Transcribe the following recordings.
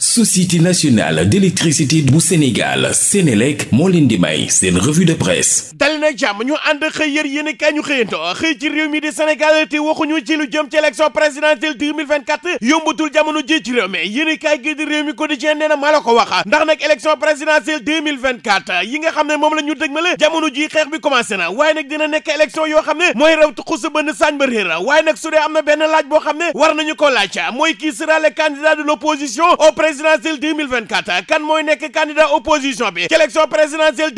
société nationale d'électricité bu Sénégal Sénélec moo leen di may seen revue de presse dali jàmm ñu ànd xëy yër yéen ñu xëyanto xëy ci réew mi di Sénégal te waxuñu ci lu jëm ci élection présidentielle 2024 jamono ji ci réew mi yéen di réew mi quotidien nee la ko wax ndax nag élection présidentielle yi nga xam ne moom la ñu dëgmale jamono ji xeex bi commencé na waaye nag dina nekk élection yoo xam ne mooy raw xusa bënn saañ ba réer waaye présidentielle 2024 kan mooy nekk candidat opposition bi ci élection présidentielle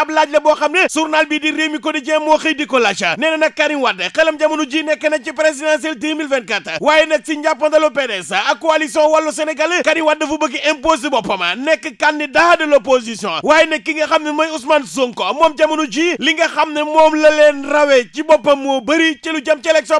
ab laaj la boo xam ne journal bi di Rewmi Quotidien moo xëy di ko laaj nee nag Karim Wade xelam jamono ji nekk na ci présidentielle waaye nag si njàppandalu PDS ak coalition wàllu Sénégal Karim Wade dafa bëgg imposer boppam nekk candidat de l'opposition waaye nag ki nga xam ne mooy Ousmane Sonko moom jamono ji li nga xam ne moom la leen rawee ci boppam moo bëri ci lu jëm ci élection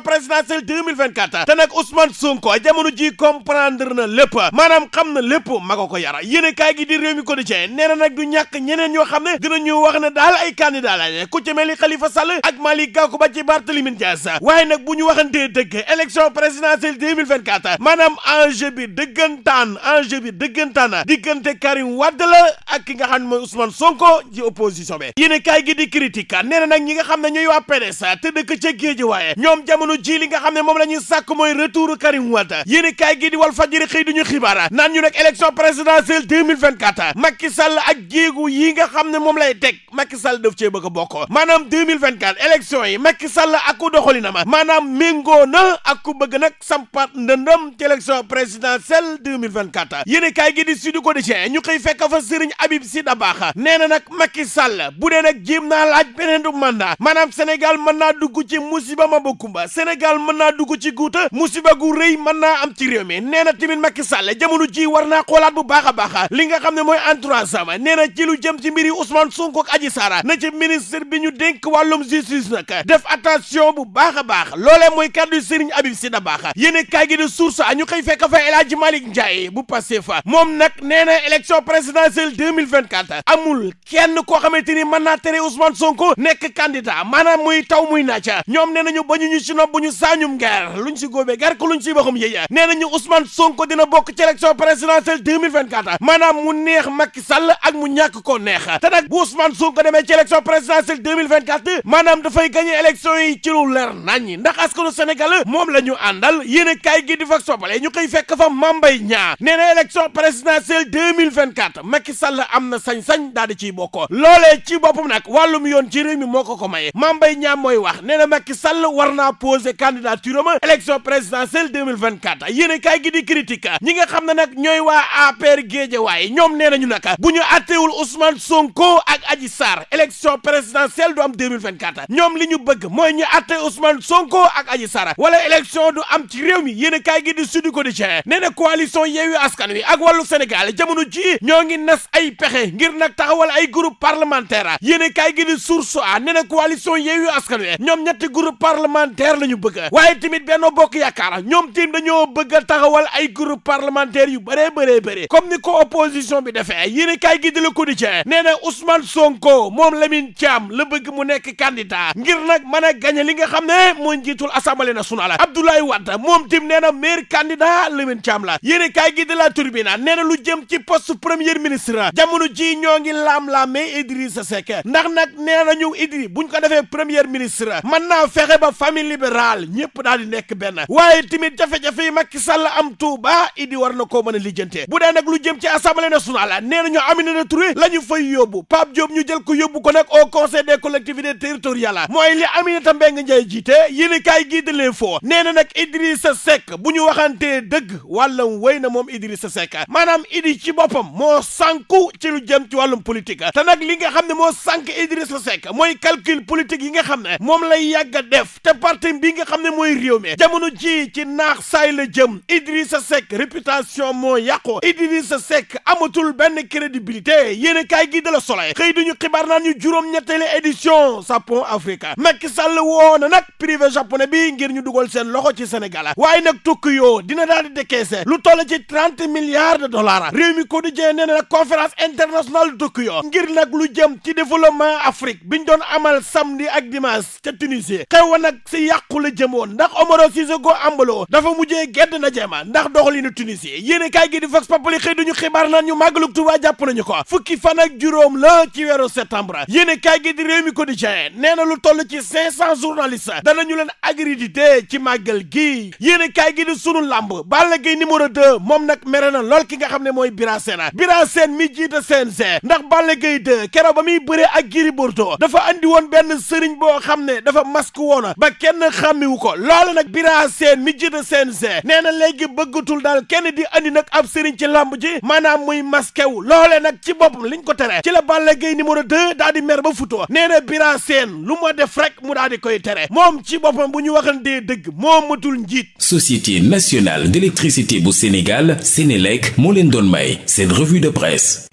ba maanaam xam na lépp maga ko yara yéene kaay gi di réew mi ko di cee nee nag du ñàkk ñeneen ñoo xam ne dinañu wax ne daal ay candidat lañ ku ci mel ni Khalifa Sall ak Malick Gakou ba ci Barthélémy Dias waaye nag bu ñu wax waxantee dëgg élection présidentielle 2024 maanaam enjeu bi dëggantaan enjeu bi dëggantaan diggante Karim Wade la ak ki nga xam ne mooy Ousmane Sonko ci opposition bi yéene kaay gi di critique nee na nag ñi nga xam ne ñooy waa PDS te dëkk ca géej waaye ñoom jamono ji li nga xam ne moom la ñuy sàkk mooy retour Karim Wade yéene kaay gi di Walf Fadjri xibaar naan ñu nag élection présidentielle 2024 Macky Sall ak jéegu yi nga xam ne moom lay teg Macky Sall daf cee bëgg a bokk maanaam 2024 élection yi Macky Sall ak ku doxalinam maanaam méngoo na ak ku bëgg nag sampat ndëndëm ci élection présidentielle 2024 yéen a kaay gi di Sud Quotidien ñu xëy fekk fa Serigne Habib Sy Dabakh nee na nag Macky Sall bu dee nag jéem naa laaj beneen du mandat maanaam Sénégal mën naa dugg ci musiba ma bokkumba Sénégal mën naa dugg ci guuta musiba gu rëy mën naa am ci réew mi nee na tamit Macky Sall Sall jamono ji war naa xoolaat bu baax a baax a li nga xam ne mooy entourage sama nee na ci lu jëm ci mbiri Ousmane Sonko ak Adji na ci ministre bi ñu dénk wàllum justice nag def attention bu baax a baax loole mooy kàddu Serigne Habib Sy Dabakh baax kaay gi de source a ñu koy fekk fa El Hadji Malick Ndiaye bu Pastef moom nag nee na élection présidentielle 2024 amul kenn koo xamante ni mën naa tere Ousmane Sonko nekk candidat maanaam muy taw muy naaj ñoom nee ba ñu ñu si nopp bu ñu saañum ngeer luñ bokk ci élection présidentielle 2024 maanaam mu neex Macky Sall ak mu ñàkk ko neex demee ci élection présidentielle 2024 maanaam dafay gagné élection yi ci lu leer nañ ndax askanu Sénégal moom la ñu a kaay gi di fa soppale ñu koy fekk fa mambay ñaa nee na élection présidentielle 2024 Sall am na sañ-sañ daal di ciy bokk loolee ci boppam nag wàllum yoon ci réew mi moo ko ko maye ñaa mooy wax nee na Macky Sall war naa poser candidature am élection présidentielle 2024 ñi nga xam ne nag ñooy waa APR Guédiawaye ñoom nee nañu nag bu ñu àttewul Ousmane Sonko ak Adji Sarr élection présidentielle du am 2024 ñoom li ñu bëgg mooy ñu àtte Ousmane Sonko ak Adji Sarr wala élection du am ci réew mi yéen a kaay gi di Sud Quotidien nee na coalition Yewwi Askan Wi ak wàllu Sénégal jamono ji ñoo ngi nas ay pexe ngir nag taxawal ay groupe parlementaire yéen a kaay gi di Source A nee na coalition Yewwi Askan Wi ñoom ñetti groupe parlementaire la ñu bëgg waaye tamit Benno Bokk Yaakaar ñoom tim dañoo bëgg taxawal ay groupe parlementaire yu bëree bëree bëree comme ni ko opposition bi defee yéen kaay gi di la Quotidien nee na Ousmane Sonko moom Lamine Thiam la bëgg mu nekk candidat ngir nag mën a gagné li nga xam ne mooy njiitul assemblée la Abdoulaye Wade moom tim nee na maire candidat Lamine Thiam la yéen kaay gi di la Tribune nee lu jem ci poste premier ministre jamono ji ñoo ngi laam-laamee Idrissa Seck ndax nag nee nañu Idri buñ ko defee premier ministre mën naa fexe ba famille libérale ñëpp daal di nekk benn waaye tamit jafe-jafe yi Macky Sall am Touba di war na koo mën a lijjantee bu dee nag lu jëm ci assemblée nationale nee nañu Aminata Touré la ñu fay yóbbu Pape Diop ñu jël ko yóbbu ko nag au conseil des collectivités territoriales mooy li Aminata Mbengue Ndiaye jiite yéen i kaay gii de l'info nee na nag Idrissa Seck bu ñu waxantee dëgg walla wéy na moom Idrissa Seck maanaam Idi ci boppam moo sànku ci lu jëm ci wàllum politique te nag li nga xam ne moo sànk Idrissa Seck mooy calcul politique yi nga xam ne moom lay yàgg def te parti bi nga xam ne mooy réew mi jamono ji ci naax saay la jëm Idrissa Seck réputation moo yàqu Idrissa Seck amatul benn crédibilité yéen a kaay gi de la Soleil xëy duñu xibaar naan ñu juróom-ñetteelu édition Sapon Africa Macky Sall woo na nag privé japonais bi ngir ñu dugal seen loxo ci Sénégal waaye nag Tokyo dina daal di décaisser lu toll ci trente milliards de dollars réew mi quotidien nee na nag conférence internationale de Tokyo ngir nag lu jëm ci développement Afrique biñ doon amal samedi ak dimanche ca Tunisie xew nag si yàqu la jëmoon ndax Omaro Cissé Kô Ambalo dafa mujjee gedd na jéema policier yéen a kaay gi di vox populi xëy duñu xibaar naan ñu màggalug Tuuba jàpp nañu ko fukki fan ak juróom la ci weeru septembre yéen a kaay gi di réew mi quotidien nee na lu toll ci cinq cent journalistes danañu leen agrédité ci màggal gi yéen a gi di sunu làmb Balla Gaye numéro deux moom nag mere lool ki nga xam ne mooy Bira Sène Bira Sène mi jiite CNG ndax Balla Gaye deux keroog ba muy bëree ak Gris Bordeaux dafa andi woon benn sëriñ boo xam ne dafa masque woon ba kenn xàmmiwu ko loolu nag Bira Sène mi jiite CNG nee kenn di andi nag ab sëriñ ci làmb ji manaam muy maskew loole nag ci boppam liñ ko tere ci la Balla Gaye numéro 2 daa di mer ba futuwa nee na bira seen lu moo def rek mu daa di koy tere moom ci boppam bu ñu waxantee dëgg moom matul njiit Société nationale d'électricité bu Sénégal Sénélec moo leen doon may seen revue de presse